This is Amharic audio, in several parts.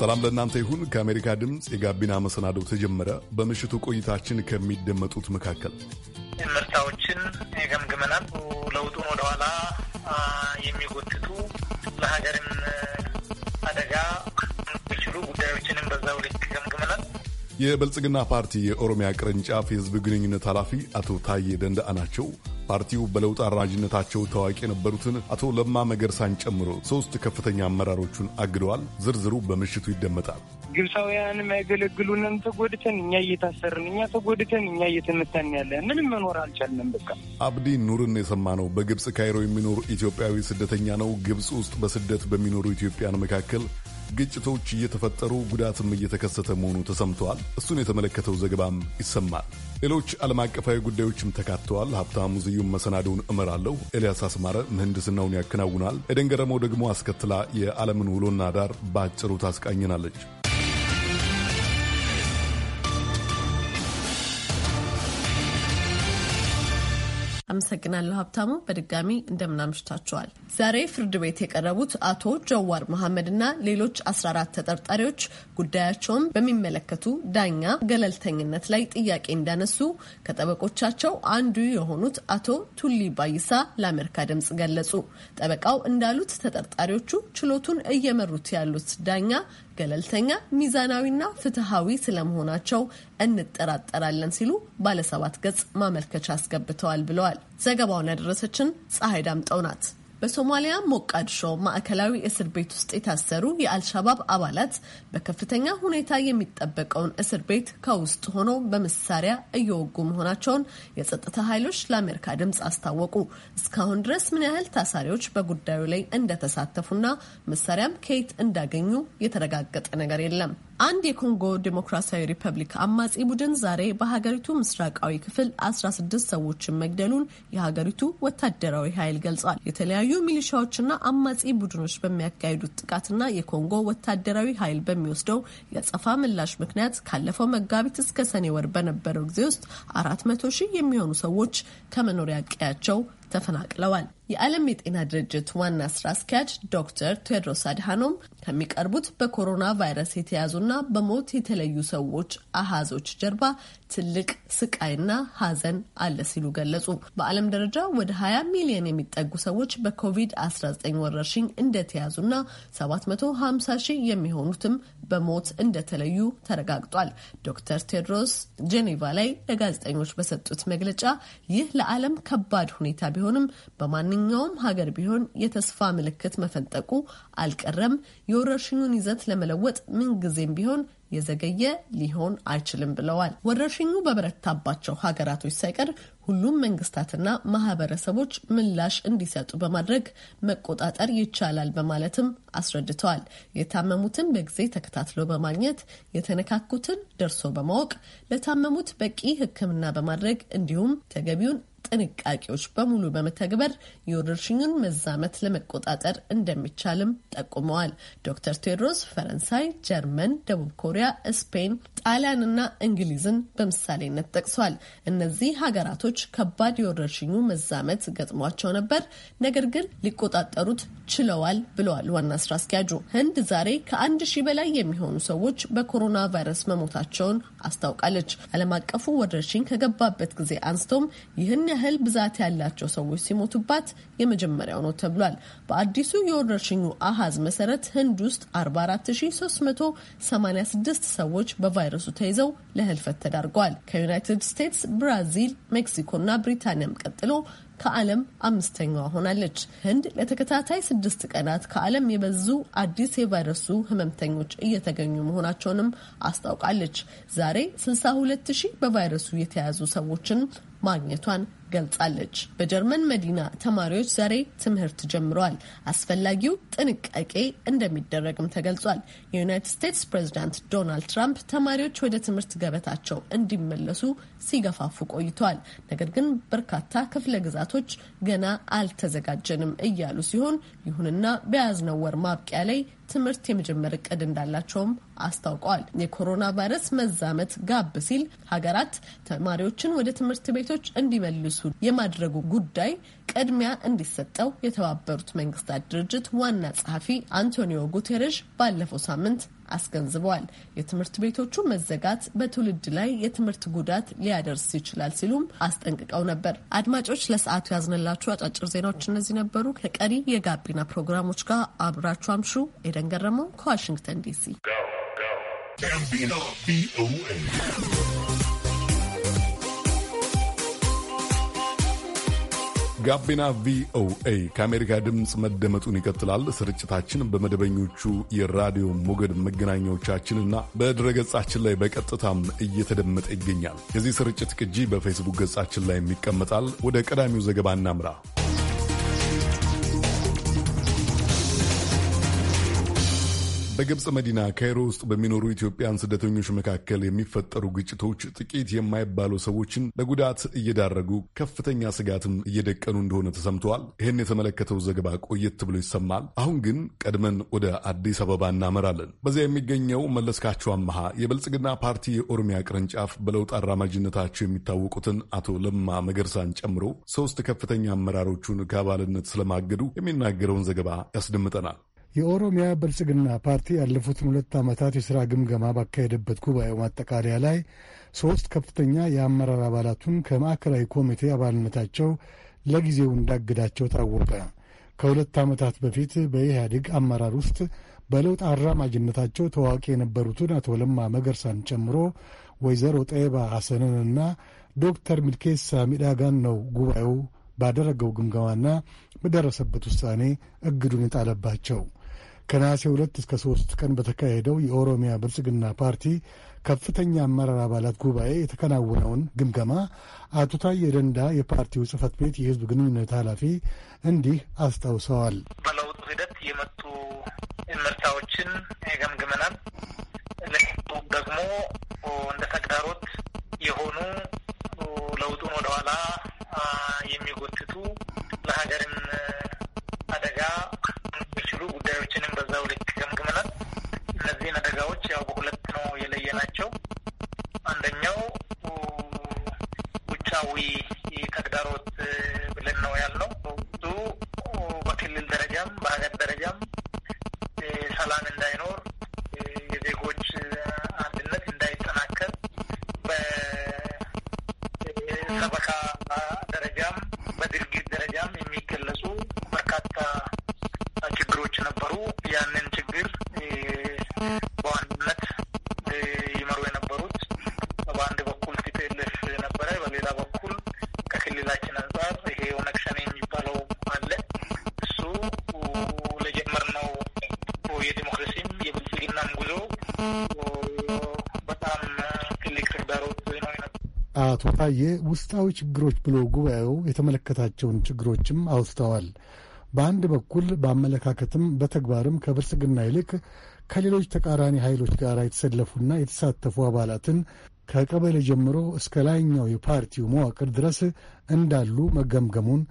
ሰላም ለእናንተ ይሁን። ከአሜሪካ ድምፅ የጋቢና መሰናዶው ተጀመረ። በምሽቱ ቆይታችን ከሚደመጡት መካከል ምርታዎችን የገምግመናል። ለውጡን ወደኋላ የሚጎትቱ ለሀገርን አደጋ የሚችሉ ጉዳዮችንም በዛው ልክ ገምግመናል። የብልጽግና ፓርቲ የኦሮሚያ ቅርንጫፍ የህዝብ ግንኙነት ኃላፊ አቶ ታዬ ደንዳአ ናቸው። ፓርቲው በለውጥ አራጅነታቸው ታዋቂ የነበሩትን አቶ ለማ መገርሳን ጨምሮ ሶስት ከፍተኛ አመራሮቹን አግደዋል። ዝርዝሩ በምሽቱ ይደመጣል። ግብፃውያን የሚያገለግሉንን ተጎድተን እኛ እየታሰርን፣ እኛ ተጎድተን እኛ እየተመታን ያለ ምንም መኖር አልቻልንም። በቃ አብዲ ኑርን የሰማ ነው። በግብፅ ካይሮ የሚኖር ኢትዮጵያዊ ስደተኛ ነው። ግብፅ ውስጥ በስደት በሚኖሩ ኢትዮጵያን መካከል ግጭቶች እየተፈጠሩ ጉዳትም እየተከሰተ መሆኑ ተሰምተዋል። እሱን የተመለከተው ዘገባም ይሰማል። ሌሎች ዓለም አቀፋዊ ጉዳዮችም ተካተዋል። ሀብታሙ ዝዩም መሰናዶውን እመራለሁ። ኤልያስ አስማረ ምህንድስናውን ያከናውናል። ኤደን ገረመው ደግሞ አስከትላ የዓለምን ውሎና ዳር በአጭሩ ታስቃኝናለች። አመሰግናለሁ ሀብታሙ። በድጋሚ እንደምናምሽታችኋል። ዛሬ ፍርድ ቤት የቀረቡት አቶ ጀዋር መሐመድ እና ሌሎች 14 ተጠርጣሪዎች ጉዳያቸውን በሚመለከቱ ዳኛ ገለልተኝነት ላይ ጥያቄ እንዳነሱ ከጠበቆቻቸው አንዱ የሆኑት አቶ ቱሊ ባይሳ ለአሜሪካ ድምጽ ገለጹ። ጠበቃው እንዳሉት ተጠርጣሪዎቹ ችሎቱን እየመሩት ያሉት ዳኛ ገለልተኛ፣ ሚዛናዊና ፍትሐዊ ስለመሆናቸው እንጠራጠራለን ሲሉ ባለሰባት ገጽ ማመልከቻ አስገብተዋል ብለዋል። ዘገባውን ያደረሰችን ፀሐይ ዳምጠው ናት። በሶማሊያ ሞቃዲሾ ማዕከላዊ እስር ቤት ውስጥ የታሰሩ የአልሻባብ አባላት በከፍተኛ ሁኔታ የሚጠበቀውን እስር ቤት ከውስጥ ሆኖ በመሳሪያ እየወጉ መሆናቸውን የጸጥታ ኃይሎች ለአሜሪካ ድምፅ አስታወቁ። እስካሁን ድረስ ምን ያህል ታሳሪዎች በጉዳዩ ላይ እንደተሳተፉና መሳሪያም ከየት እንዳገኙ የተረጋገጠ ነገር የለም። አንድ የኮንጎ ዴሞክራሲያዊ ሪፐብሊክ አማጺ ቡድን ዛሬ በሀገሪቱ ምስራቃዊ ክፍል 16 ሰዎችን መግደሉን የሀገሪቱ ወታደራዊ ኃይል ገልጿል። የተለያዩ ሚሊሻዎችና አማጺ ቡድኖች በሚያካሂዱት ጥቃትና የኮንጎ ወታደራዊ ኃይል በሚወስደው የጸፋ ምላሽ ምክንያት ካለፈው መጋቢት እስከ ሰኔ ወር በነበረው ጊዜ ውስጥ 400 ሺህ የሚሆኑ ሰዎች ከመኖሪያ ቀያቸው ተፈናቅለዋል። የዓለም የጤና ድርጅት ዋና ስራ አስኪያጅ ዶክተር ቴድሮስ አድሃኖም ከሚቀርቡት በኮሮና ቫይረስ የተያዙና በሞት የተለዩ ሰዎች አሃዞች ጀርባ ትልቅ ስቃይና ሀዘን አለ ሲሉ ገለጹ። በዓለም ደረጃ ወደ 20 ሚሊዮን የሚጠጉ ሰዎች በኮቪድ-19 ወረርሽኝ እንደተያዙና 750 ሺህ የሚሆኑትም በሞት እንደተለዩ ተረጋግጧል። ዶክተር ቴድሮስ ጄኔቫ ላይ ለጋዜጠኞች በሰጡት መግለጫ ይህ ለዓለም ከባድ ሁኔታ ቢሆንም በማንኛውም ሀገር ቢሆን የተስፋ ምልክት መፈንጠቁ አልቀረም። የወረርሽኙን ይዘት ለመለወጥ ምንጊዜም ቢሆን የዘገየ ሊሆን አይችልም ብለዋል። ወረርሽኙ በበረታባቸው ሀገራቶች ሳይቀር ሁሉም መንግስታትና ማህበረሰቦች ምላሽ እንዲሰጡ በማድረግ መቆጣጠር ይቻላል በማለትም አስረድተዋል። የታመሙትን በጊዜ ተከታትሎ በማግኘት የተነካኩትን ደርሶ በማወቅ ለታመሙት በቂ ሕክምና በማድረግ እንዲሁም ተገቢውን ጥንቃቄዎች በሙሉ በመተግበር የወረርሽኙን መዛመት ለመቆጣጠር እንደሚቻልም ጠቁመዋል። ዶክተር ቴድሮስ ፈረንሳይ፣ ጀርመን፣ ደቡብ ኮሪያ፣ ስፔን፣ ጣሊያን እና እንግሊዝን በምሳሌነት ጠቅሷል። እነዚህ ሀገራቶች ከባድ የወረርሽኙ መዛመት ገጥሟቸው ነበር፣ ነገር ግን ሊቆጣጠሩት ችለዋል ብለዋል ዋና ስራ አስኪያጁ። ህንድ ዛሬ ከአንድ ሺህ በላይ የሚሆኑ ሰዎች በኮሮና ቫይረስ መሞታቸውን አስታውቃለች። ዓለም አቀፉ ወረርሽኝ ከገባበት ጊዜ አንስቶም ይህን ያህል ብዛት ያላቸው ሰዎች ሲሞቱባት የመጀመሪያው ነው ተብሏል። በአዲሱ የወረርሽኙ አሃዝ መሰረት ህንድ ውስጥ 44386 ሰዎች በቫይረሱ ተይዘው ለህልፈት ተዳርገዋል። ከዩናይትድ ስቴትስ፣ ብራዚል፣ እና ብሪታንያም ቀጥሎ ከዓለም አምስተኛዋ ሆናለች። ህንድ ለተከታታይ ስድስት ቀናት ከዓለም የበዙ አዲስ የቫይረሱ ህመምተኞች እየተገኙ መሆናቸውንም አስታውቃለች። ዛሬ 62 ሺህ በቫይረሱ የተያዙ ሰዎችን ማግኘቷን ገልጻለች። በጀርመን መዲና ተማሪዎች ዛሬ ትምህርት ጀምረዋል። አስፈላጊው ጥንቃቄ እንደሚደረግም ተገልጿል። የዩናይትድ ስቴትስ ፕሬዚዳንት ዶናልድ ትራምፕ ተማሪዎች ወደ ትምህርት ገበታቸው እንዲመለሱ ሲገፋፉ ቆይተዋል። ነገር ግን በርካታ ክፍለ ግዛቶች ገና አልተዘጋጀንም እያሉ ሲሆን ይሁንና በያዝነው ወር ማብቂያ ላይ ትምህርት የመጀመር እቅድ እንዳላቸውም አስታውቀዋል። የኮሮና ቫይረስ መዛመት ጋብ ሲል ሀገራት ተማሪዎችን ወደ ትምህርት ቤቶች እንዲመልሱ የማድረጉ ጉዳይ ቅድሚያ እንዲሰጠው የተባበሩት መንግስታት ድርጅት ዋና ጸሐፊ አንቶኒዮ ጉቴሬሽ ባለፈው ሳምንት አስገንዝበዋል። የትምህርት ቤቶቹ መዘጋት በትውልድ ላይ የትምህርት ጉዳት ሊያደርስ ይችላል ሲሉም አስጠንቅቀው ነበር። አድማጮች፣ ለሰዓቱ ያዝንላችሁ አጫጭር ዜናዎች እነዚህ ነበሩ። ከቀሪ የጋቢና ፕሮግራሞች ጋር አብራችሁ አምሹ። ኤደን ገረመው ከዋሽንግተን ዲሲ ጋቢና ቪኦኤ ከአሜሪካ ድምፅ መደመጡን ይቀጥላል። ስርጭታችን በመደበኞቹ የራዲዮ ሞገድ መገናኛዎቻችንና በድረገጻችን ላይ በቀጥታም እየተደመጠ ይገኛል። የዚህ ስርጭት ቅጂ በፌስቡክ ገጻችን ላይ ይቀመጣል። ወደ ቀዳሚው ዘገባ እናምራ። በግብፅ መዲና ካይሮ ውስጥ በሚኖሩ ኢትዮጵያን ስደተኞች መካከል የሚፈጠሩ ግጭቶች ጥቂት የማይባሉ ሰዎችን ለጉዳት እየዳረጉ ከፍተኛ ስጋትም እየደቀኑ እንደሆነ ተሰምተዋል። ይህን የተመለከተው ዘገባ ቆየት ብሎ ይሰማል። አሁን ግን ቀድመን ወደ አዲስ አበባ እናመራለን። በዚያ የሚገኘው መለስካቸው አመሃ የብልጽግና ፓርቲ የኦሮሚያ ቅርንጫፍ በለውጥ አራማጅነታቸው የሚታወቁትን አቶ ለማ መገርሳን ጨምሮ ሶስት ከፍተኛ አመራሮቹን ከአባልነት ስለማገዱ የሚናገረውን ዘገባ ያስደምጠናል። የኦሮሚያ ብልጽግና ፓርቲ ያለፉትን ሁለት ዓመታት የሥራ ግምገማ ባካሄደበት ጉባኤው ማጠቃለያ ላይ ሦስት ከፍተኛ የአመራር አባላቱን ከማዕከላዊ ኮሚቴ አባልነታቸው ለጊዜው እንዳገዳቸው ታወቀ። ከሁለት ዓመታት በፊት በኢህአዴግ አመራር ውስጥ በለውጥ አራማጅነታቸው ታዋቂ የነበሩትን አቶ ለማ መገርሳን ጨምሮ ወይዘሮ ጠየባ ሐሰንንና ዶክተር ሚልኬሳ ሚዳጋን ነው ጉባኤው ባደረገው ግምገማና በደረሰበት ውሳኔ እግዱን የጣለባቸው። ከነሐሴ ሁለት እስከ ሶስት ቀን በተካሄደው የኦሮሚያ ብልጽግና ፓርቲ ከፍተኛ አመራር አባላት ጉባኤ የተከናወነውን ግምገማ አቶ ታዬ ደንዳ የፓርቲው ጽህፈት ቤት የህዝብ ግንኙነት ኃላፊ እንዲህ አስታውሰዋል። በለውጡ ሂደት የመጡ እምርታዎችን አቶ ታዬ ውስጣዊ ችግሮች ብሎ ጉባኤው የተመለከታቸውን ችግሮችም አውስተዋል። በአንድ በኩል በአመለካከትም በተግባርም ከብልጽግና ይልቅ ከሌሎች ተቃራኒ ኃይሎች ጋር የተሰለፉና የተሳተፉ አባላትን ከቀበሌ ጀምሮ እስከ ላይኛው የፓርቲው መዋቅር ድረስ እንዳሉ መገምገሙን፣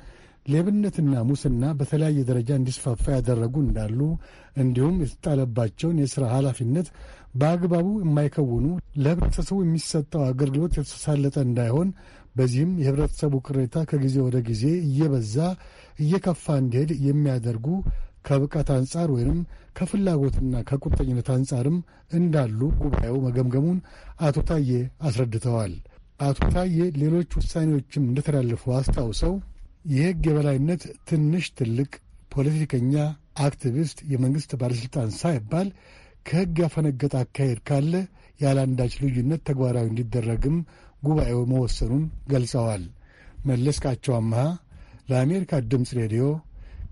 ሌብነትና ሙስና በተለያየ ደረጃ እንዲስፋፋ ያደረጉ እንዳሉ፣ እንዲሁም የተጣለባቸውን የሥራ ኃላፊነት በአግባቡ የማይከውኑ ለህብረተሰቡ የሚሰጠው አገልግሎት የተሳለጠ እንዳይሆን በዚህም የህብረተሰቡ ቅሬታ ከጊዜ ወደ ጊዜ እየበዛ እየከፋ እንዲሄድ የሚያደርጉ ከብቃት አንጻር ወይም ከፍላጎትና ከቁርጠኝነት አንጻርም እንዳሉ ጉባኤው መገምገሙን አቶ ታዬ አስረድተዋል። አቶ ታዬ ሌሎች ውሳኔዎችም እንደተላለፉ አስታውሰው የህግ የበላይነት ትንሽ ትልቅ ፖለቲከኛ፣ አክቲቪስት፣ የመንግሥት ባለሥልጣን ሳይባል ከሕግ ያፈነገጠ አካሄድ ካለ ያለ አንዳች ልዩነት ተግባራዊ እንዲደረግም ጉባኤው መወሰኑን ገልጸዋል። መለስካቸው አምሃ ለአሜሪካ ድምፅ ሬዲዮ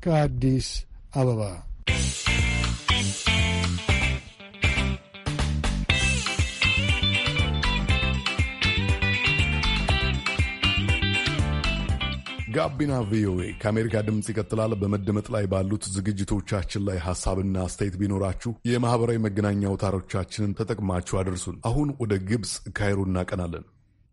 ከአዲስ አበባ ጋቢና ቪኦኤ ከአሜሪካ ድምፅ ይቀጥላል። በመደመጥ ላይ ባሉት ዝግጅቶቻችን ላይ ሀሳብና አስተያየት ቢኖራችሁ የማህበራዊ መገናኛ አውታሮቻችንን ተጠቅማችሁ አድርሱን። አሁን ወደ ግብፅ ካይሮ እናቀናለን።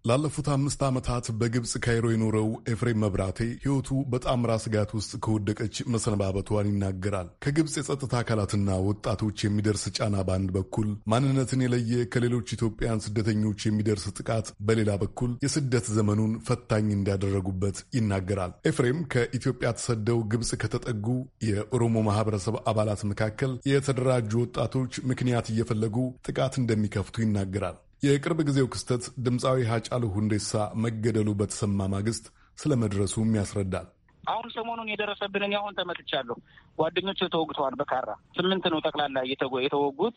ላለፉት አምስት ዓመታት በግብፅ ካይሮ የኖረው ኤፍሬም መብራቴ ሕይወቱ በጣምራ ስጋት ውስጥ ከወደቀች መሰነባበቷን ይናገራል። ከግብፅ የጸጥታ አካላትና ወጣቶች የሚደርስ ጫና በአንድ በኩል፣ ማንነትን የለየ ከሌሎች ኢትዮጵያን ስደተኞች የሚደርስ ጥቃት በሌላ በኩል የስደት ዘመኑን ፈታኝ እንዳደረጉበት ይናገራል። ኤፍሬም ከኢትዮጵያ ተሰደው ግብፅ ከተጠጉ የኦሮሞ ማህበረሰብ አባላት መካከል የተደራጁ ወጣቶች ምክንያት እየፈለጉ ጥቃት እንደሚከፍቱ ይናገራል። የቅርብ ጊዜው ክስተት ድምፃዊ ሀጫሉ ሁንዴሳ መገደሉ በተሰማ ማግስት ስለ መድረሱም ያስረዳል። አሁን ሰሞኑን የደረሰብን እኔ አሁን ተመትቻለሁ። ጓደኞች ተወግተዋል። በካራ ስምንት ነው ጠቅላላ የተወጉት።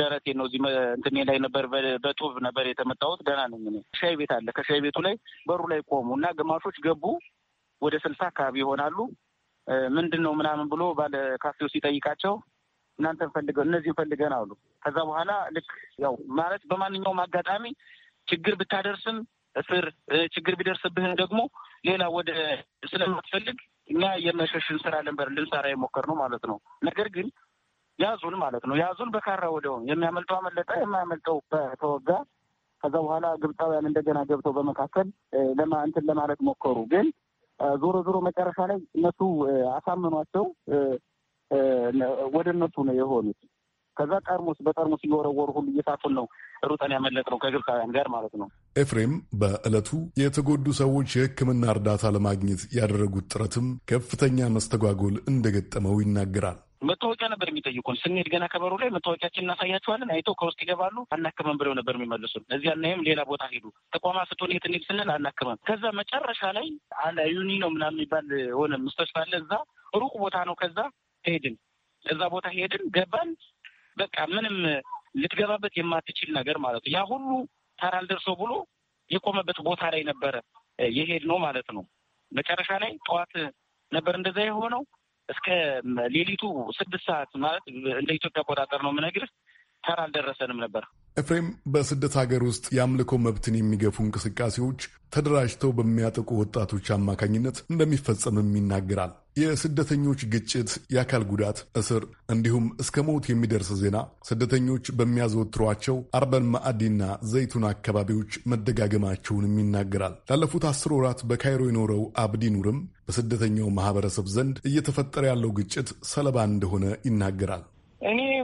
ደረቴ ነው እዚህ እንትኔ ላይ ነበር፣ በጡብ ነበር የተመታሁት። ደህና ነኝ ሻይ ቤት አለ። ከሻይ ቤቱ ላይ በሩ ላይ ቆሙ እና ግማሾች ገቡ። ወደ ስልሳ አካባቢ ይሆናሉ። ምንድን ነው ምናምን ብሎ ባለ ካፌው ሲጠይቃቸው እናንተን ፈልገን እነዚህን ፈልገን አሉ። ከዛ በኋላ ልክ ያው ማለት በማንኛውም አጋጣሚ ችግር ብታደርስም እስር ችግር ቢደርስብህም ደግሞ ሌላ ወደ ስለማትፈልግ እኛ የመሸሽን ስራ ልንበር ልንሰራ የሞከር ነው ማለት ነው። ነገር ግን ያዙን ማለት ነው። ያዙን በካራ ወደው የሚያመልጠው አመለጠ፣ የማያመልጠው በተወጋ። ከዛ በኋላ ግብፃውያን እንደገና ገብተው በመካከል እንትን ለማለት ሞከሩ። ግን ዞሮ ዞሮ መጨረሻ ላይ እነሱ አሳምኗቸው ወደ እነሱ ነው የሆኑት። ከዛ ጠርሙስ በጠርሙስ እየወረወሩ ሁሉ እየሳቱን ነው ሩጠን ያመለጥ ነው ከግብፃውያን ጋር ማለት ነው። ኤፍሬም በዕለቱ የተጎዱ ሰዎች የሕክምና እርዳታ ለማግኘት ያደረጉት ጥረትም ከፍተኛ መስተጓጎል እንደገጠመው ይናገራል። መታወቂያ ነበር የሚጠይቁን። ስንሄድ ገና ከበሩ ላይ መታወቂያችን እናሳያቸዋለን። አይተው ከውስጥ ይገባሉ። አናክመን ብለው ነበር የሚመልሱን። እዚያ እናይም ሌላ ቦታ ሄዱ። ተቋማ ስትሆን የት እንሂድ ስንል አናክመም። ከዛ መጨረሻ ላይ አለ ዩኒ ነው ምናምን የሚባል ሆነ ምስተሽፋ አለ እዛ ሩቅ ቦታ ነው። ከዛ ሄድን። እዛ ቦታ ሄድን፣ ገባን። በቃ ምንም ልትገባበት የማትችል ነገር ማለት ነው። ያ ሁሉ ተራ አልደርሰው ብሎ የቆመበት ቦታ ላይ ነበረ የሄድ ነው ማለት ነው። መጨረሻ ላይ ጠዋት ነበር እንደዛ የሆነው እስከ ሌሊቱ ስድስት ሰዓት ማለት እንደ ኢትዮጵያ አቆጣጠር ነው የምነግርህ ተራ አልደረሰንም ነበር። ኤፍሬም በስደት ሀገር ውስጥ የአምልኮ መብትን የሚገፉ እንቅስቃሴዎች ተደራጅተው በሚያጠቁ ወጣቶች አማካኝነት እንደሚፈጸምም ይናገራል። የስደተኞች ግጭት፣ የአካል ጉዳት፣ እስር እንዲሁም እስከ ሞት የሚደርስ ዜና ስደተኞች በሚያዘወትሯቸው አርበን ማዕዲና ዘይቱን አካባቢዎች መደጋገማቸውንም ይናገራል። ላለፉት አስር ወራት በካይሮ የኖረው አብዲ ኑርም በስደተኛው ማህበረሰብ ዘንድ እየተፈጠረ ያለው ግጭት ሰለባ እንደሆነ ይናገራል።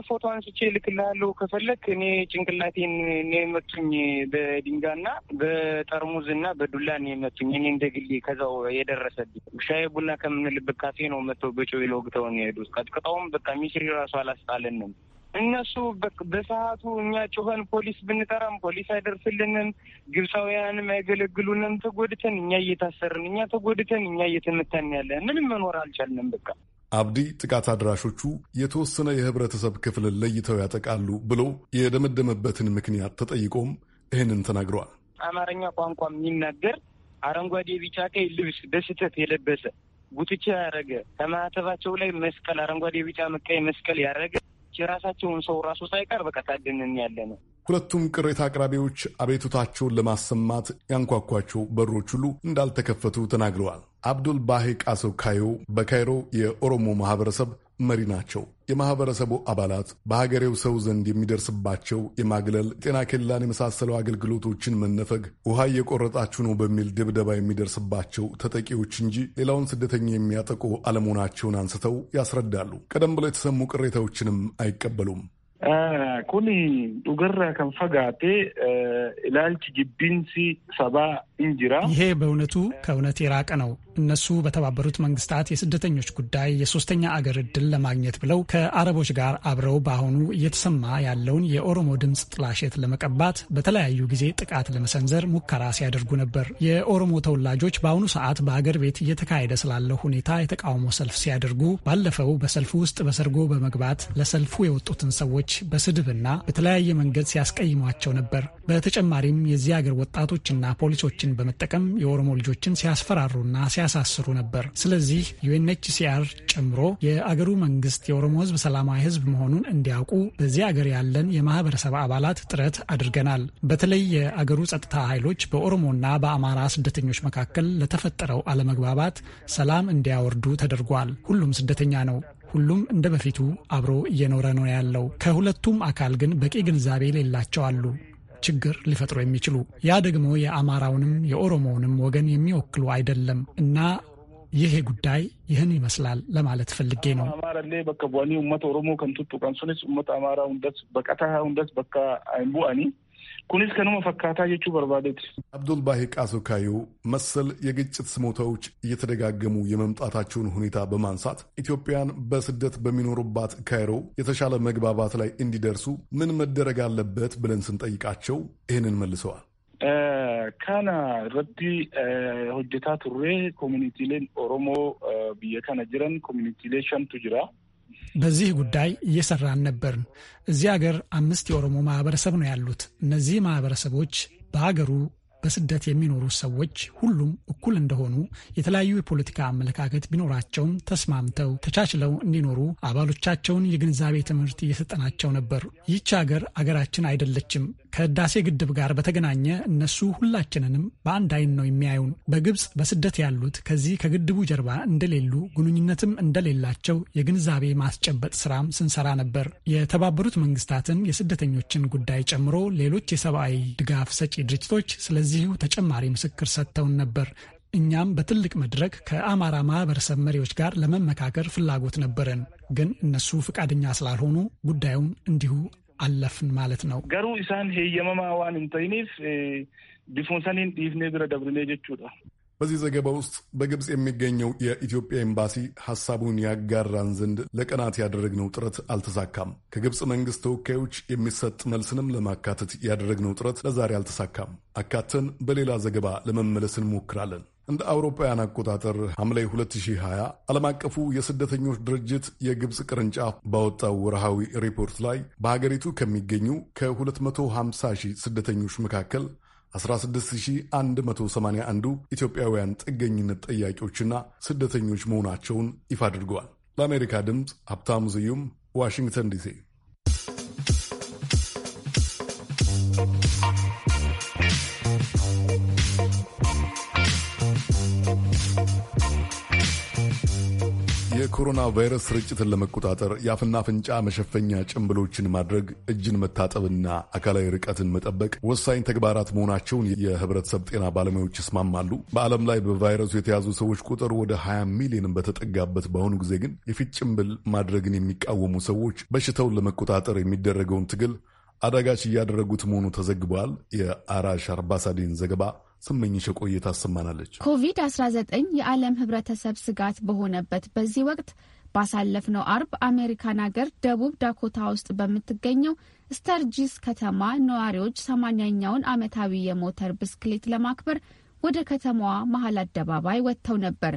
ፎቶ አንስቼ እልክልሃለሁ ከፈለግ እኔ ጭንቅላቴን ነው መቱኝ በድንጋና በጠርሙዝ እና በዱላ ነው መቱኝ እኔ እንደ ግሌ ከዛው የደረሰብኝ ሻይ ቡና ከምንልበት ካፌ ነው መጥተው በጮ ለወግተው ነው የሄዱት። ቀጥቅጠውም በቃ ሚስሪ ራሱ አላስጣለንም። እነሱ በሰዓቱ እኛ ጮኸን ፖሊስ ብንጠራም ፖሊስ አይደርስልንም። ግብፃውያንም አይገለግሉንም። ተጎድተን እኛ እየታሰርን እኛ ተጎድተን እኛ እየተመታን ያለ ምንም መኖር አልቻልንም በቃ አብዲ ጥቃት አድራሾቹ የተወሰነ የህብረተሰብ ክፍል ለይተው ያጠቃሉ ብሎ የደመደመበትን ምክንያት ተጠይቆም ይህንን ተናግረዋል። አማርኛ ቋንቋ የሚናገር አረንጓዴ፣ ቢጫ፣ ቀይ ልብስ በስህተት የለበሰ ጉትቻ ያደረገ ከማዕተባቸው ላይ መስቀል አረንጓዴ፣ ቢጫ፣ ቀይ መስቀል ያደረገ የራሳቸውን ሰው ራሱ ሳይቀር በቃ ታድንን ያለ ነው። ሁለቱም ቅሬታ አቅራቢዎች አቤቱታቸውን ለማሰማት ያንኳኳቸው በሮች ሁሉ እንዳልተከፈቱ ተናግረዋል። አብዱል ባሄ ቃሶ ካዮ በካይሮ የኦሮሞ ማህበረሰብ መሪ ናቸው። የማህበረሰቡ አባላት በሀገሬው ሰው ዘንድ የሚደርስባቸው የማግለል ጤና ኬላን የመሳሰሉ አገልግሎቶችን መነፈግ፣ ውሃ እየቆረጣችሁ ነው በሚል ድብደባ የሚደርስባቸው ተጠቂዎች እንጂ ሌላውን ስደተኛ የሚያጠቁ አለመሆናቸውን አንስተው ያስረዳሉ። ቀደም ብሎ የተሰሙ ቅሬታዎችንም አይቀበሉም። ኩኒ ዱገራ ከንፈጋቴ ኢላልች ጅቢንሲ ሰባ እንጅራ። ይሄ በእውነቱ ከእውነት የራቀ ነው። እነሱ በተባበሩት መንግስታት የስደተኞች ጉዳይ የሶስተኛ አገር እድል ለማግኘት ብለው ከአረቦች ጋር አብረው በአሁኑ እየተሰማ ያለውን የኦሮሞ ድምፅ ጥላሸት ለመቀባት በተለያዩ ጊዜ ጥቃት ለመሰንዘር ሙከራ ሲያደርጉ ነበር። የኦሮሞ ተወላጆች በአሁኑ ሰዓት በአገር ቤት እየተካሄደ ስላለው ሁኔታ የተቃውሞ ሰልፍ ሲያደርጉ ባለፈው በሰልፉ ውስጥ በሰርጎ በመግባት ለሰልፉ የወጡትን ሰዎች በስድብና በተለያየ መንገድ ሲያስቀይሟቸው ነበር። በተጨማሪም የዚህ አገር ወጣቶችና ፖሊሶችን ዘዴዎችን በመጠቀም የኦሮሞ ልጆችን ሲያስፈራሩና ሲያሳስሩ ነበር። ስለዚህ ዩኤንኤችሲአር ጨምሮ የአገሩ መንግስት የኦሮሞ ህዝብ ሰላማዊ ህዝብ መሆኑን እንዲያውቁ በዚህ አገር ያለን የማህበረሰብ አባላት ጥረት አድርገናል። በተለይ የአገሩ ጸጥታ ኃይሎች በኦሮሞና በአማራ ስደተኞች መካከል ለተፈጠረው አለመግባባት ሰላም እንዲያወርዱ ተደርጓል። ሁሉም ስደተኛ ነው። ሁሉም እንደ በፊቱ አብሮ እየኖረ ነው ያለው። ከሁለቱም አካል ግን በቂ ግንዛቤ ሌላቸው አሉ። ችግር ሊፈጥሩ የሚችሉ ያ ደግሞ የአማራውንም የኦሮሞውንም ወገን የሚወክሉ አይደለም እና ይሄ ጉዳይ ይህን ይመስላል ለማለት ፈልጌ ነው። አማራሌ በከ ቧኒ ኡመት ኦሮሞ ከምትጡ ቀንሱንስ ኡመት አማራ ሁንደስ በቀታ ሁንደስ በካ አይንቡአኒ kunis kanuma fakkaataa jechuu barbaadeeti. አብዱልባሂ ቃሶ ካዩ መሰል የግጭት ስሞታዎች እየተደጋገሙ የመምጣታቸውን ሁኔታ በማንሳት ኢትዮጵያን በስደት በሚኖሩባት ካይሮ የተሻለ መግባባት ላይ እንዲደርሱ ምን መደረግ አለበት ብለን ስንጠይቃቸው ይህንን መልሰዋል። ካና ረቲ ሆጀታ ቱሬ ኮሚኒቲሌን ኦሮሞ ብየ ከነ ጅረን ኮሚኒቲሌ ሸንቱ ጅራ በዚህ ጉዳይ እየሰራን ነበርን። እዚህ ሀገር አምስት የኦሮሞ ማህበረሰብ ነው ያሉት። እነዚህ ማህበረሰቦች በሀገሩ በስደት የሚኖሩ ሰዎች ሁሉም እኩል እንደሆኑ የተለያዩ የፖለቲካ አመለካከት ቢኖራቸውም ተስማምተው ተቻችለው እንዲኖሩ አባሎቻቸውን የግንዛቤ ትምህርት እየሰጠናቸው ነበር። ይህች ሀገር አገራችን አይደለችም። ከህዳሴ ግድብ ጋር በተገናኘ እነሱ ሁላችንንም በአንድ አይን ነው የሚያዩን። በግብፅ በስደት ያሉት ከዚህ ከግድቡ ጀርባ እንደሌሉ ግንኙነትም እንደሌላቸው የግንዛቤ ማስጨበጥ ስራም ስንሰራ ነበር። የተባበሩት መንግስታትን የስደተኞችን ጉዳይ ጨምሮ ሌሎች የሰብአዊ ድጋፍ ሰጪ ድርጅቶች ስለዚሁ ተጨማሪ ምስክር ሰጥተውን ነበር። እኛም በትልቅ መድረክ ከአማራ ማህበረሰብ መሪዎች ጋር ለመመካከር ፍላጎት ነበረን፣ ግን እነሱ ፈቃደኛ ስላልሆኑ ጉዳዩን እንዲሁ አለፍን ማለት ነው። ገሩ ኢሳን ሄየመማ ዋን እንተይኒፍ ዲፎንሰኒን ዲፍኔ ብረ ደብርኔ ጀቹዳ በዚህ ዘገባ ውስጥ በግብፅ የሚገኘው የኢትዮጵያ ኤምባሲ ሐሳቡን ያጋራን ዘንድ ለቀናት ያደረግነው ጥረት አልተሳካም። ከግብፅ መንግሥት ተወካዮች የሚሰጥ መልስንም ለማካተት ያደረግነው ጥረት ለዛሬ አልተሳካም። አካተን በሌላ ዘገባ ለመመለስ እንሞክራለን። እንደ አውሮፓውያን አቆጣጠር ሐምሌ 2020 ዓለም አቀፉ የስደተኞች ድርጅት የግብፅ ቅርንጫፍ ባወጣው ወርሃዊ ሪፖርት ላይ በሀገሪቱ ከሚገኙ ከ250 ሺህ ስደተኞች መካከል 16181ዱ ኢትዮጵያውያን ጥገኝነት ጠያቂዎችና ስደተኞች መሆናቸውን ይፋ አድርገዋል። ለአሜሪካ ድምፅ ሀብታሙ ስዩም ዋሽንግተን ዲሲ የኮሮና ቫይረስ ስርጭትን ለመቆጣጠር የአፍና አፍንጫ መሸፈኛ ጭንብሎችን ማድረግ፣ እጅን መታጠብና አካላዊ ርቀትን መጠበቅ ወሳኝ ተግባራት መሆናቸውን የህብረተሰብ ጤና ባለሙያዎች ይስማማሉ። በዓለም ላይ በቫይረሱ የተያዙ ሰዎች ቁጥር ወደ 20 ሚሊዮን በተጠጋበት በአሁኑ ጊዜ ግን የፊት ጭንብል ማድረግን የሚቃወሙ ሰዎች በሽታውን ለመቆጣጠር የሚደረገውን ትግል አዳጋች እያደረጉት መሆኑ ተዘግበዋል። የአራሽ አርባሳዴን ዘገባ ስመኝሽ የቆየ ታሰማናለች። ኮቪድ-19 የዓለም ህብረተሰብ ስጋት በሆነበት በዚህ ወቅት ባሳለፍነው አርብ አሜሪካን አገር ደቡብ ዳኮታ ውስጥ በምትገኘው ስተርጂስ ከተማ ነዋሪዎች ሰማንያኛውን ዓመታዊ የሞተር ብስክሌት ለማክበር ወደ ከተማዋ መሀል አደባባይ ወጥተው ነበር።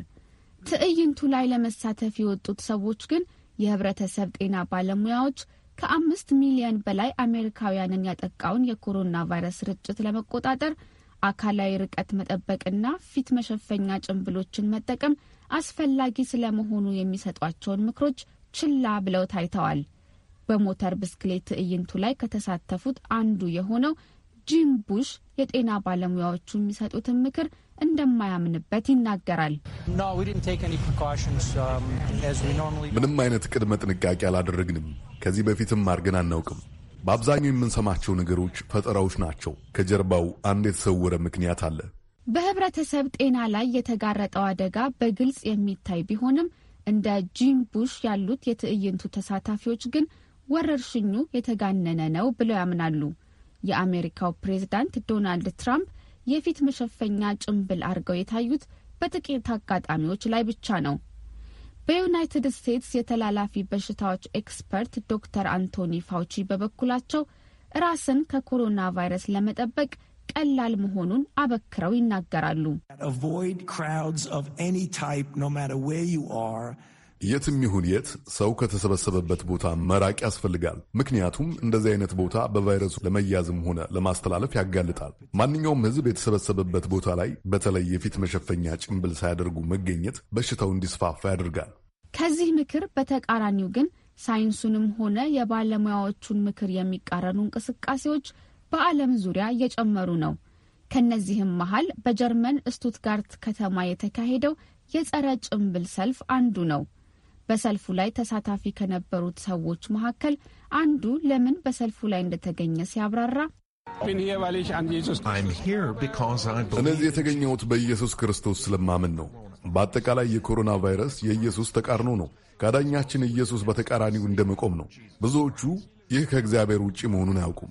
ትዕይንቱ ላይ ለመሳተፍ የወጡት ሰዎች ግን የህብረተሰብ ጤና ባለሙያዎች ከአምስት ሚሊዮን በላይ አሜሪካውያንን ያጠቃውን የኮሮና ቫይረስ ስርጭት ለመቆጣጠር አካላዊ ርቀት መጠበቅና ፊት መሸፈኛ ጭንብሎችን መጠቀም አስፈላጊ ስለመሆኑ የሚሰጧቸውን ምክሮች ችላ ብለው ታይተዋል። በሞተር ብስክሌት ትዕይንቱ ላይ ከተሳተፉት አንዱ የሆነው ጂም ቡሽ የጤና ባለሙያዎቹ የሚሰጡትን ምክር እንደማያምንበት ይናገራል። um, ምንም አይነት ቅድመ ጥንቃቄ አላደረግንም። ከዚህ በፊትም አድርገን አናውቅም። በአብዛኛው የምንሰማቸው ነገሮች ፈጠራዎች ናቸው። ከጀርባው አንድ የተሰወረ ምክንያት አለ። በህብረተሰብ ጤና ላይ የተጋረጠው አደጋ በግልጽ የሚታይ ቢሆንም እንደ ጂም ቡሽ ያሉት የትዕይንቱ ተሳታፊዎች ግን ወረርሽኙ የተጋነነ ነው ብለው ያምናሉ። የአሜሪካው ፕሬዝዳንት ዶናልድ ትራምፕ የፊት መሸፈኛ ጭንብል አድርገው የታዩት በጥቂት አጋጣሚዎች ላይ ብቻ ነው። በዩናይትድ ስቴትስ የተላላፊ በሽታዎች ኤክስፐርት ዶክተር አንቶኒ ፋውቺ በበኩላቸው ራስን ከኮሮና ቫይረስ ለመጠበቅ ቀላል መሆኑን አበክረው ይናገራሉ። የትም ይሁን የት ሰው ከተሰበሰበበት ቦታ መራቅ ያስፈልጋል። ምክንያቱም እንደዚህ አይነት ቦታ በቫይረሱ ለመያዝም ሆነ ለማስተላለፍ ያጋልጣል። ማንኛውም ሕዝብ የተሰበሰበበት ቦታ ላይ በተለይ የፊት መሸፈኛ ጭንብል ሳያደርጉ መገኘት በሽታው እንዲስፋፋ ያደርጋል። ከዚህ ምክር በተቃራኒው ግን ሳይንሱንም ሆነ የባለሙያዎቹን ምክር የሚቃረኑ እንቅስቃሴዎች በዓለም ዙሪያ እየጨመሩ ነው። ከእነዚህም መሀል በጀርመን ስቱትጋርት ከተማ የተካሄደው የጸረ ጭምብል ሰልፍ አንዱ ነው። በሰልፉ ላይ ተሳታፊ ከነበሩት ሰዎች መካከል አንዱ ለምን በሰልፉ ላይ እንደተገኘ ሲያብራራ እነዚህ የተገኘሁት በኢየሱስ ክርስቶስ ስለማምን ነው በአጠቃላይ የኮሮና ቫይረስ የኢየሱስ ተቃርኖ ነው። ከአዳኛችን ኢየሱስ በተቃራኒው እንደመቆም ነው። ብዙዎቹ ይህ ከእግዚአብሔር ውጭ መሆኑን አያውቁም።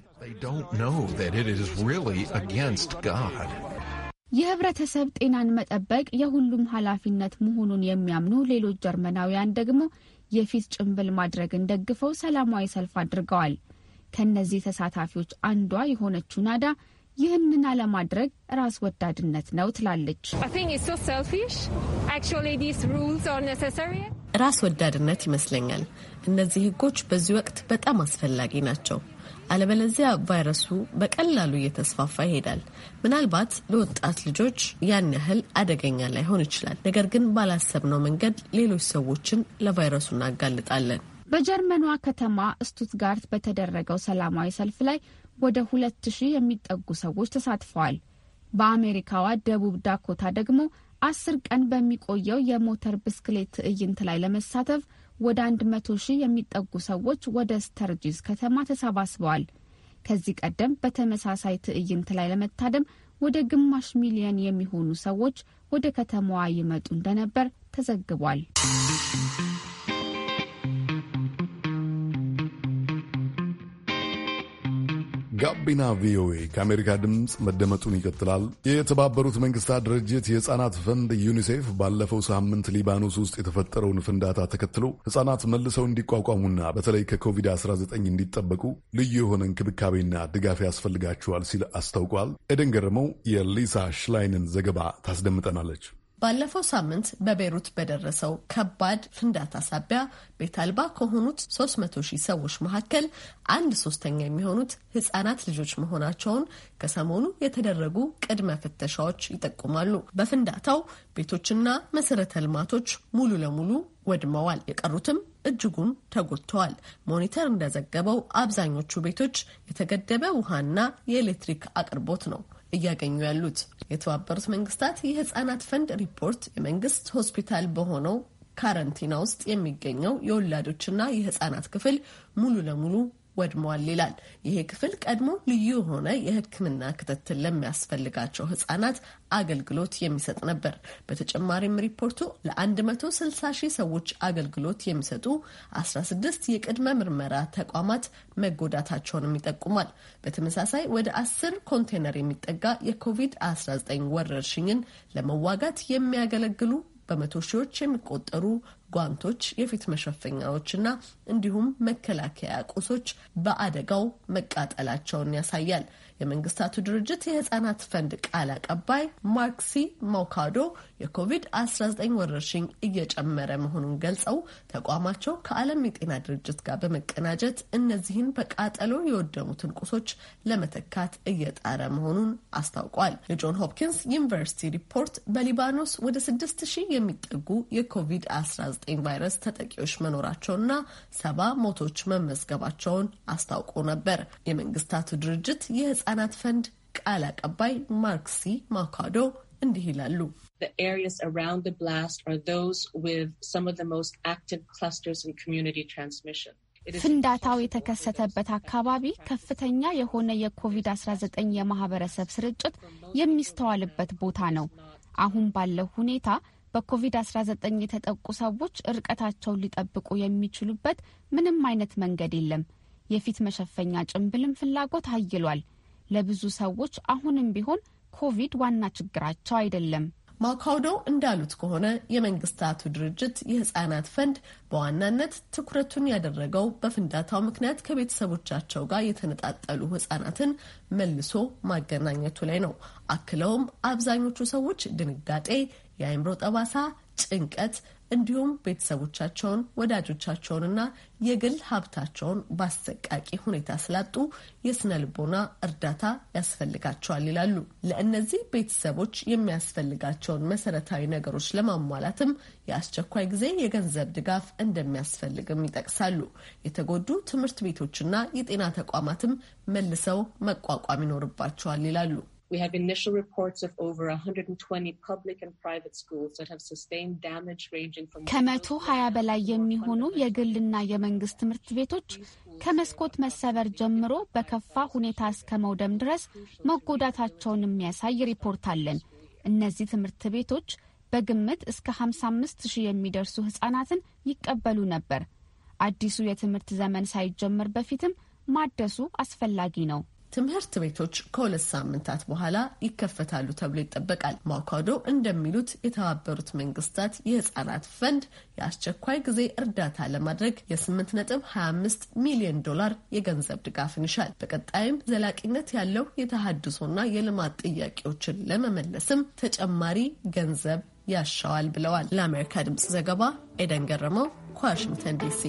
የህብረተሰብ ጤናን መጠበቅ የሁሉም ኃላፊነት መሆኑን የሚያምኑ ሌሎች ጀርመናውያን ደግሞ የፊት ጭንብል ማድረግን ደግፈው ሰላማዊ ሰልፍ አድርገዋል። ከእነዚህ ተሳታፊዎች አንዷ የሆነችው ናዳ ይህንን አለማድረግ ራስ ወዳድነት ነው ትላለች። ራስ ወዳድነት ይመስለኛል። እነዚህ ህጎች በዚህ ወቅት በጣም አስፈላጊ ናቸው። አለበለዚያ ቫይረሱ በቀላሉ እየተስፋፋ ይሄዳል። ምናልባት ለወጣት ልጆች ያን ያህል አደገኛ ላይሆን ይችላል። ነገር ግን ባላሰብነው መንገድ ሌሎች ሰዎችን ለቫይረሱ እናጋልጣለን። በጀርመኗ ከተማ ስቱትጋርት በተደረገው ሰላማዊ ሰልፍ ላይ ወደ ሁለት ሺህ የሚጠጉ ሰዎች ተሳትፈዋል። በአሜሪካዋ ደቡብ ዳኮታ ደግሞ አስር ቀን በሚቆየው የሞተር ብስክሌት ትዕይንት ላይ ለመሳተፍ ወደ አንድ መቶ ሺህ የሚጠጉ ሰዎች ወደ ስተርጂዝ ከተማ ተሰባስበዋል። ከዚህ ቀደም በተመሳሳይ ትዕይንት ላይ ለመታደም ወደ ግማሽ ሚሊዮን የሚሆኑ ሰዎች ወደ ከተማዋ ይመጡ እንደነበር ተዘግቧል። ጋቢና ቪኦኤ ከአሜሪካ ድምፅ መደመጡን ይቀጥላል። የተባበሩት መንግስታት ድርጅት የህፃናት ፈንድ ዩኒሴፍ ባለፈው ሳምንት ሊባኖስ ውስጥ የተፈጠረውን ፍንዳታ ተከትሎ ህፃናት መልሰው እንዲቋቋሙና በተለይ ከኮቪድ-19 እንዲጠበቁ ልዩ የሆነ እንክብካቤና ድጋፍ ያስፈልጋቸዋል ሲል አስታውቋል። ኤደን ገረመው የሊሳ ሽላይንን ዘገባ ታስደምጠናለች። ባለፈው ሳምንት በቤሩት በደረሰው ከባድ ፍንዳታ ሳቢያ ቤት አልባ ከሆኑት 300 ሺህ ሰዎች መካከል አንድ ሶስተኛ የሚሆኑት ህጻናት ልጆች መሆናቸውን ከሰሞኑ የተደረጉ ቅድመ ፍተሻዎች ይጠቁማሉ። በፍንዳታው ቤቶችና መሰረተ ልማቶች ሙሉ ለሙሉ ወድመዋል። የቀሩትም እጅጉን ተጎድተዋል። ሞኒተር እንደዘገበው አብዛኞቹ ቤቶች የተገደበ ውሃና የኤሌክትሪክ አቅርቦት ነው እያገኙ ያሉት። የተባበሩት መንግስታት የህጻናት ፈንድ ሪፖርት የመንግስት ሆስፒታል በሆነው ካረንቲና ውስጥ የሚገኘው የወላዶችና የህጻናት ክፍል ሙሉ ለሙሉ ወድመዋል ይላል። ይሄ ክፍል ቀድሞ ልዩ የሆነ የሕክምና ክትትል ለሚያስፈልጋቸው ህጻናት አገልግሎት የሚሰጥ ነበር። በተጨማሪም ሪፖርቱ ለ160 ሺህ ሰዎች አገልግሎት የሚሰጡ 16 የቅድመ ምርመራ ተቋማት መጎዳታቸውንም ይጠቁማል። በተመሳሳይ ወደ 10 ኮንቴነር የሚጠጋ የኮቪድ-19 ወረርሽኝን ለመዋጋት የሚያገለግሉ በመቶ ሺዎች የሚቆጠሩ ጓንቶች፣ የፊት መሸፈኛዎችና እንዲሁም መከላከያ ቁሶች በአደጋው መቃጠላቸውን ያሳያል። የመንግስታቱ ድርጅት የህጻናት ፈንድ ቃል አቀባይ ማርክሲ ሞካዶ የኮቪድ-19 ወረርሽኝ እየጨመረ መሆኑን ገልጸው ተቋማቸው ከዓለም የጤና ድርጅት ጋር በመቀናጀት እነዚህን በቃጠሎ የወደሙትን ቁሶች ለመተካት እየጣረ መሆኑን አስታውቋል። የጆን ሆፕኪንስ ዩኒቨርሲቲ ሪፖርት በሊባኖስ ወደ 6000 የሚጠጉ የኮቪድ-19 ቫይረስ ተጠቂዎች መኖራቸውና ሰባ ሞቶች መመዝገባቸውን አስታውቆ ነበር። የመንግስታቱ ድርጅት የህጻናት ፈንድ ቃል አቀባይ ማርክሲ ማካዶ እንዲህ ይላሉ። ፍንዳታው የተከሰተበት አካባቢ ከፍተኛ የሆነ የኮቪድ-19 የማህበረሰብ ስርጭት የሚስተዋልበት ቦታ ነው። አሁን ባለው ሁኔታ በኮቪድ-19 የተጠቁ ሰዎች እርቀታቸውን ሊጠብቁ የሚችሉበት ምንም አይነት መንገድ የለም። የፊት መሸፈኛ ጭንብልም ፍላጎት አይሏል። ለብዙ ሰዎች አሁንም ቢሆን ኮቪድ ዋና ችግራቸው አይደለም። ማካውዶ እንዳሉት ከሆነ የመንግስታቱ ድርጅት የህጻናት ፈንድ በዋናነት ትኩረቱን ያደረገው በፍንዳታው ምክንያት ከቤተሰቦቻቸው ጋር የተነጣጠሉ ህጻናትን መልሶ ማገናኘቱ ላይ ነው። አክለውም አብዛኞቹ ሰዎች ድንጋጤ፣ የአይምሮ ጠባሳ፣ ጭንቀት እንዲሁም ቤተሰቦቻቸውን ወዳጆቻቸውንና የግል ሀብታቸውን በአሰቃቂ ሁኔታ ስላጡ የስነ ልቦና እርዳታ ያስፈልጋቸዋል ይላሉ። ለእነዚህ ቤተሰቦች የሚያስፈልጋቸውን መሰረታዊ ነገሮች ለማሟላትም የአስቸኳይ ጊዜ የገንዘብ ድጋፍ እንደሚያስፈልግም ይጠቅሳሉ። የተጎዱ ትምህርት ቤቶችና የጤና ተቋማትም መልሰው መቋቋም ይኖርባቸዋል ይላሉ። We have initial reports of over 120 public and private schools that have sustained damage ranging from ከመቶ 20 በላይ የሚሆኑ የግልና የመንግስት ትምህርት ቤቶች ከመስኮት መሰበር ጀምሮ በከፋ ሁኔታ እስከ መውደም ድረስ መጎዳታቸውን የሚያሳይ ሪፖርት አለን። እነዚህ ትምህርት ቤቶች በግምት እስከ 55 ሺህ የሚደርሱ ህጻናትን ይቀበሉ ነበር። አዲሱ የትምህርት ዘመን ሳይጀመር በፊትም ማደሱ አስፈላጊ ነው። ትምህርት ቤቶች ከሁለት ሳምንታት በኋላ ይከፈታሉ ተብሎ ይጠበቃል። ማኳዶ እንደሚሉት የተባበሩት መንግስታት የህጻናት ፈንድ የአስቸኳይ ጊዜ እርዳታ ለማድረግ የ8.25 ሚሊዮን ዶላር የገንዘብ ድጋፍን ይሻል። በቀጣይም ዘላቂነት ያለው የተሃድሶና የልማት ጥያቄዎችን ለመመለስም ተጨማሪ ገንዘብ ያሻዋል ብለዋል። ለአሜሪካ ድምጽ ዘገባ ኤደን ገረመው ከዋሽንግተን ዲሲ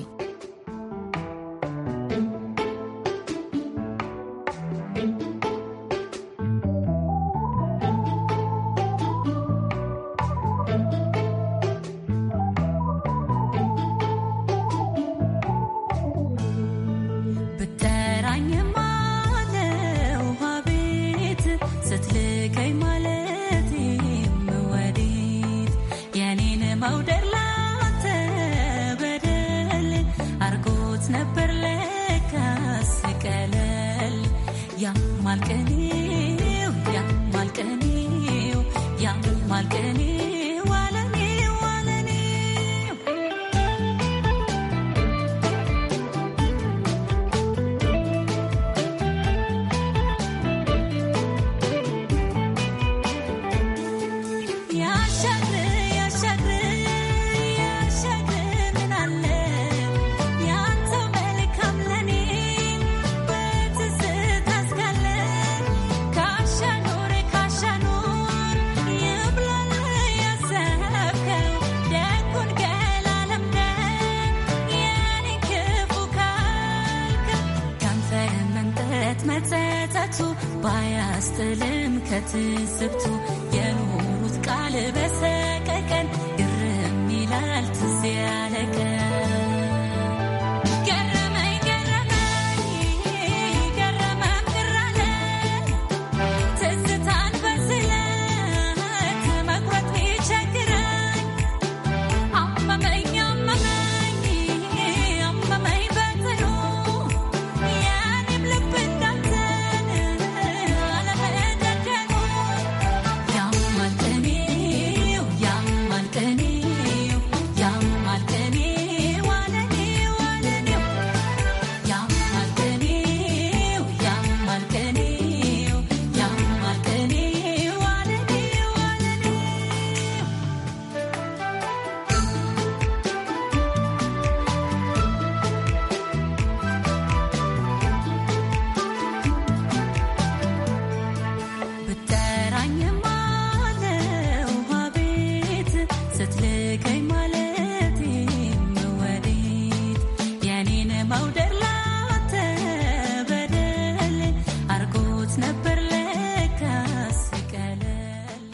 ካስቀለል ያማልቀኔው ያማልቀኔው ያማልቀኔው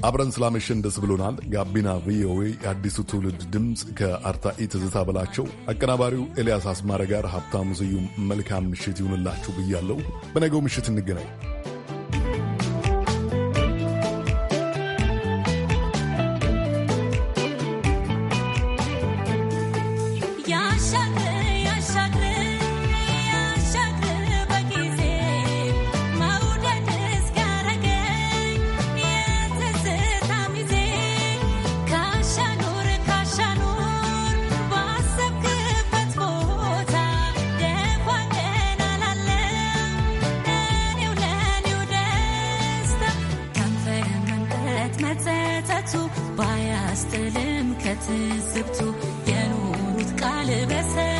አብረን ስላመሸን ደስ ብሎናል። ጋቢና ቪኦኤ የአዲሱ ትውልድ ድምፅ ከአርታኢ ትዝታ በላቸው፣ አቀናባሪው ኤልያስ አስማረ ጋር ሀብታሙ ስዩም መልካም ምሽት ይሁንላችሁ ብያለሁ። በነገው ምሽት እንገናኝ። አያስጥልም ከትዝብቱ የኖሩት ቃል በሰ